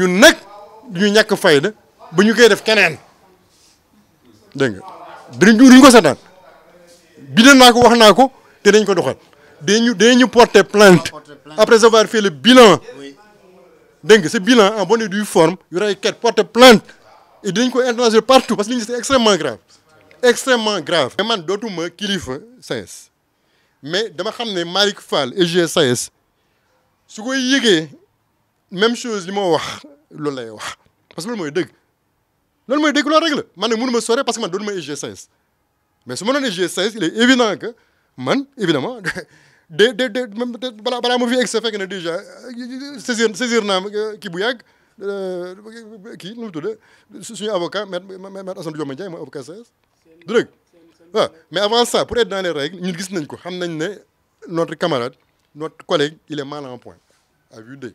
You nag ñu ñàkk fayda ba ñu def keneen dégg and dañu ko seetaan bind Nous ko wax ko doxal dañu porter plainte après avoir fait le bilan ce bilan en bonne et due forme porte plainte et nous ko partout parce que c'est extrêmement grave extrêmement grave mais man pas kilifa SAES mais dama sais que Fall et même chose li ma wax loolu wax parce que lool moy deug lool moy deug loolu règle la man ne mënu parce que man doonu ma UG16 mais su ma doon 16 il est évident que man évidemment de de de même bala balaa ma fi ex sa fekk na déjà saisir saisir na ki bu yag euh, ki nu mu tudd suñu avocat maître maître Assane Dioma Ndiaye mooy avocat CS du dëgg mais avant ça pour être dans les règles ñun gis nañ ko xam nañ né notre camarade notre collègue il est mal en point à vue d'œil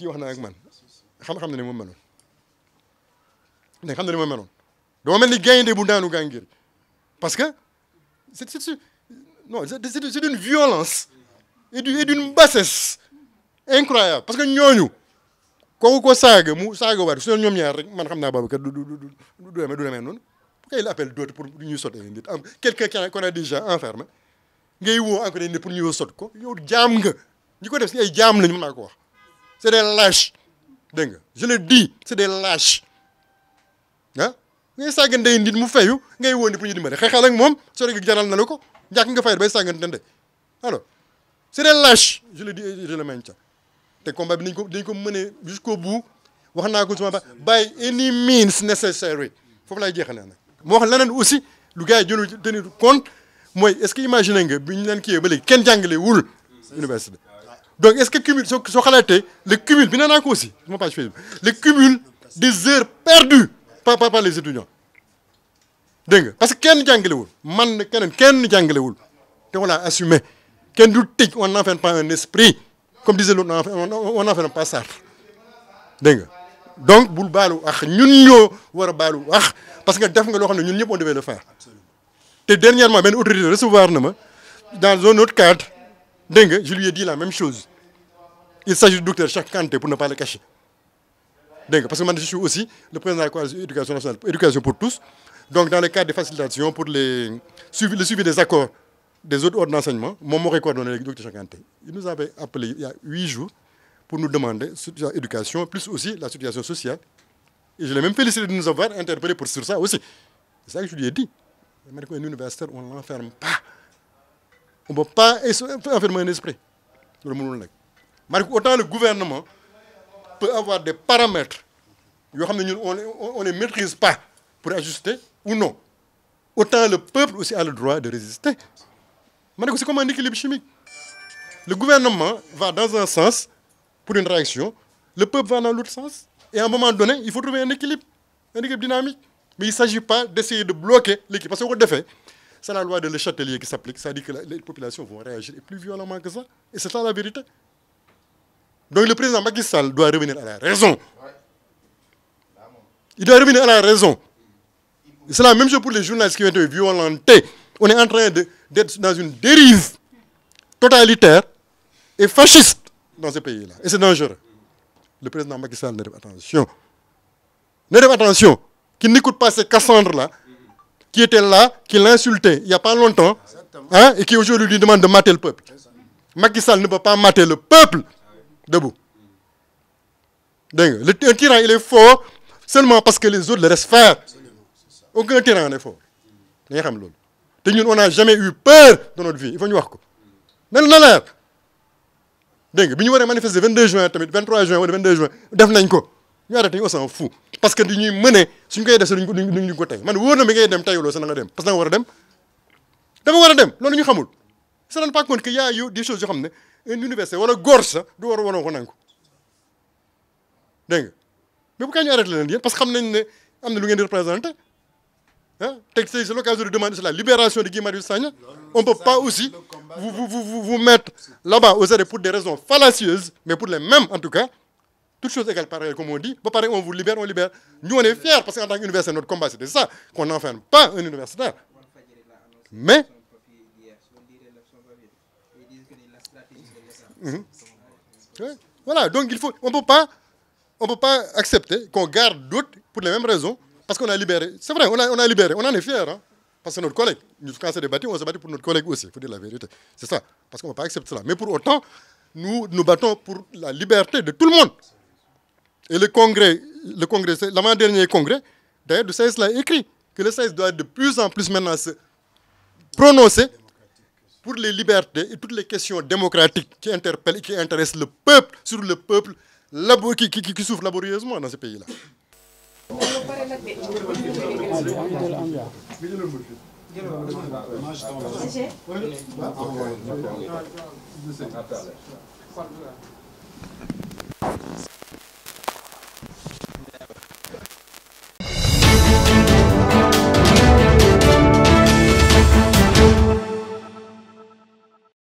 kii wax naa ak man xam-xam na ne moom meloon ne xam na ne moom meloon dama mel gaynde bu daanu gangir parce que c'est c'est non c'est d'une violence et d'une bassesse incroyable parce que ñooñu ko ko saaga mu saaga waat su ñom ñaar rek man xam naa Babacar du du du du demee du demee noonu pourquoi il appelle d'autres pour ñu sottee nit am quelqu'un qu'on a déjà enfermé ngay wo encore nit pour ñu sotti ko yow jaam nga ñiko def si ay jaam lañu mën naa ko wax. c'est des lâches dégg nga je le dis c'est des lâches ah ngay sàggan day nit mu fayu ngay woon ni pour ñu dimbale xeexal moom sori gi jaral na la ko njàkk nga fay ba sàggan dende alors c'est des lâches je le dis et je le maintiens te combat bi nañ ko dañ ko mënee jusqu'au bout wax naa ko suma ba by any means necessary foofu laay jeexalee nag moo wax leneen aussi lu gars yi jëlu tenir compte mooy est-ce que imaginer nga bi ñu leen ki ba léegi kenn jàngale wul université Donc, est-ce que cumul, le cumul, aussi, le cumul des heures perdues par, les étudiants. Parce que quelqu'un on l'a assumé. on n'en fait pas un esprit. Comme disait l'autre, on n'en fait pas ça. Donc, nous devons Parce que nous devons le faire. Et dernièrement, une autorité recevoir dans un autre cadre. Dengue, je lui ai dit la même chose. Il s'agit du docteur Chakanté pour ne pas le cacher. Dengue, parce que moi, je suis aussi le président de l'éducation nationale, éducation pour tous. Donc, dans le cadre des facilitations pour le suivi des accords des autres ordres d'enseignement, mon mot coordonné le docteur Chakante. Il nous avait appelé il y a huit jours pour nous demander l'éducation, plus aussi la situation sociale. Et je l'ai même félicité de nous avoir interpellé pour, sur ça aussi. C'est ça que je lui ai dit. Les médecins universitaires, on ne l'enferme pas on ne peut pas affirmer un esprit. Autant le gouvernement peut avoir des paramètres on ne maîtrise pas pour ajuster ou non. Autant le peuple aussi a le droit de résister. C'est comme un équilibre chimique. Le gouvernement va dans un sens pour une réaction, le peuple va dans l'autre sens. Et à un moment donné, il faut trouver un équilibre, un équilibre dynamique. Mais il ne s'agit pas d'essayer de bloquer l'équipe. Parce que c'est la loi de l'échatelier qui s'applique. Ça dit que les populations vont réagir plus violemment que ça. Et c'est ça la vérité. Donc le président Macky doit revenir à la raison. Il doit revenir à la raison. C'est la même chose pour les journalistes qui ont été violentés. On est en train d'être dans une dérive totalitaire et fasciste dans ce pays-là. Et c'est dangereux. Le président Macky Sall pas attention. pas attention qu'il n'écoute pas ces Cassandres-là qui était là, qui l'insultait il n'y a pas longtemps, hein, et qui aujourd'hui lui demande de mater le peuple. Macky Sall ne peut pas mater le peuple debout. Le, un tyran, il est fort seulement parce que les autres le restent faire. Aucun tyran n'est fort. Nous, on n'a jamais eu peur dans notre vie. Il faut nous voir. Nous avons Nous avons manifesté le 22 juin, le 23 juin, le 22 juin. Nous avons fait ça. On s'en fout parce que dañuy mené suñ koy def si duñ ko duñ ñu ko man wóor mi ngay dem tayulo sa na nga dem parce que nga wara dem da nga war dem lolu ñu xamul ça rend pas compte que y a des choses yo xamné un une université wala góor sa du war a wanoo ko nangu dégg mais bu kaay ñu arrêté len yéen parce que xam nañ ne am lu ngeen di représenté ah hein? te c'est l'occasion de demander la libération de Guy Marius Sagna on peut pas aussi vous vous vous vous mettre là-bas aux arrêts pour des raisons fallacieuses mais pour les mêmes en tout cas toutes choses égales par comme on dit, on vous libère, on libère. Nous, on est fiers parce qu'en tant qu'université, notre combat, c'était ça, qu'on n'enferme pas un universitaire. Mais. Mhm. Voilà, donc il faut, on ne peut pas accepter qu'on garde d'autres pour les mêmes raisons, parce qu'on a libéré. C'est vrai, on a, on a libéré, on en est fiers. Hein, parce que notre collègue, nous, quand on s'est débattu, on s'est battu pour notre collègue aussi, il faut dire la vérité. C'est ça, parce qu'on ne peut pas accepter cela. Mais pour autant, nous nous battons pour la liberté de tout le monde. Et le congrès, le congrès l'avant-dernier congrès, d'ailleurs, le 16 l'a écrit, que le 16 doit de plus en plus maintenant se prononcer pour les libertés et toutes les questions démocratiques qui interpellent et qui intéressent le peuple, sur le peuple qui, qui souffre laborieusement dans ce pays-là.